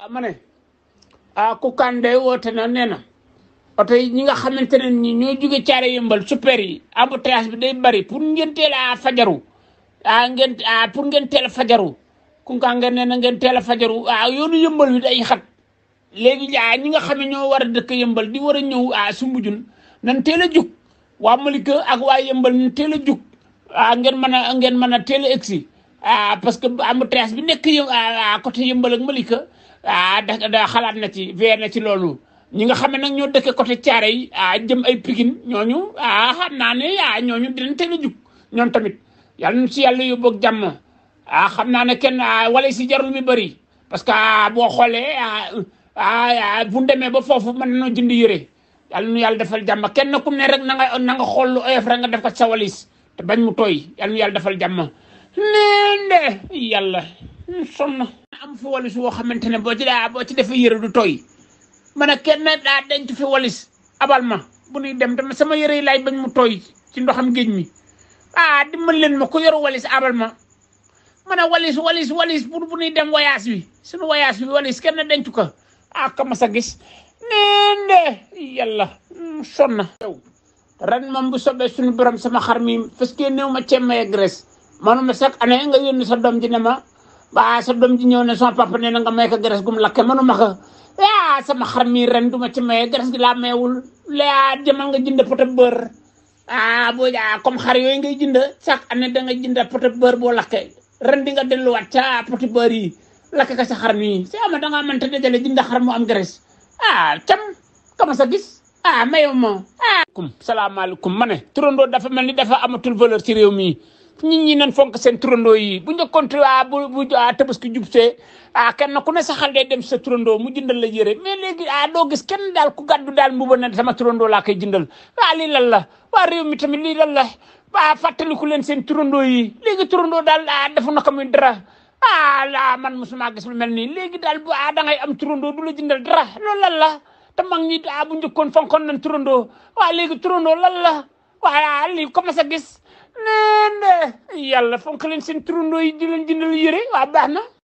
Ah, ma ne ah Koukandé woote na nee na oto yi ñi nga xamante ne nii ñoo jóge caare yëmbal super yi embouteillage bi day bari pour ngeen teel a fajaru ah ngeen ah pour ngeen teel a fajaru Koukandé nee na ngeen teel a fajaru ah yoonu yëmbal wi day xat léegi ah ñi nga xam ne ñoo war a dëkk yëmbal di war a ñëw ah Sumbujun nan teel a jug waa Malika ak waa yëmbal nan teel a jug ah ngeen mën a ngeen mën a teel a egsi ah parce que embouteillage bi nekk yë ah, ah côté yëmbal ak Malika. ah da xalaat na ci veer na ci loolu ñi nga xam ne nag ñoo dëkkee côté caare yi ah jëm ay Pikine ñooñu ah xam naa ne ah ñooñu dinañ te a jug ñoom tamit yàlla na ci yàlla yóbbu ak jàmm ah xam naa ne kenn ah, wala si jarul mi bëri parce que ah, boo xoolee ah, ah bu demee ba foofu mën nañoo jënd yére yàlla nu yàlla defal jàmm kenn ku ne rek na nga na nga xool lu oyof rek nga def ko sa walis te bañ mu tooy yàlla nu yàlla defal jàmm nee nde yàlla sonn am fi walis woo xamante ne boo ci daa boo ci defee yëre du tooy ma kenn daa denc fi walis abal ma bu nuy dem dama sama yére yi laay bañ mu tooy ci ndoxam géej mi ah dimbal leen ma ko yoru walis abal ma mana ne walis walis walis pour bu nuy dem voyage wi suñu voyage bi walis kenn denc ko ah ka ma sa gis neen de yàlla mm, son na yow ren moom bu sobee suñu borom sama xar mi parce que néew ma ceeb ma graisse maanaam chaque année nga yónni sa doom ji na ma waa sa doom ji ñëw ne sama papa nee na nga may ko gres gum lakke mënu ma ah sama xar mii ren duma ci maye gres gi laa mayewul laa demal nga jënd pot beurre ah boo jaa comme xar yooyu ngay jënd chaque année da nga jënd pot beurre boo lakke ren di nga delluwaat ca pot beurre yi lakk ka sa xar mi si ama da ngaa mënta dajale jënd xar mu am gres ah cam kama sa gis ah mayew ma ah. salaamaaleykum ma ne turandoo dafa mel ni dafa amatul valeur ci réew mi. nit ñi nañ fonk seen turandoo yi bu ñu konti waa bu bu ah, tabaski jub see ah kenn ku ne sa xal day dem sa turandoo mu jëndal la yére mais léegi ah doo gis kenn daal ku gàddu daal mbuba na sama turandoo laa koy jëndal waa ah, lii lan la waa réew mi tamit lii lan la waa ah, fàttaliku leen seen turandoo yi léegi turandoo daal ah defu na ko dara ah la man mosuma gis lu mel nii léegi daal bu ah da ngay am turandoo du la jëndal dara loolu lan la te mag ñi ah bu njëkkoon fonkoon nañ turandoo waa léegi turandoo lan la waa lii commencé gis neen yàlla fonk leen seen turandoo yi di leen jëndal yére waa baax na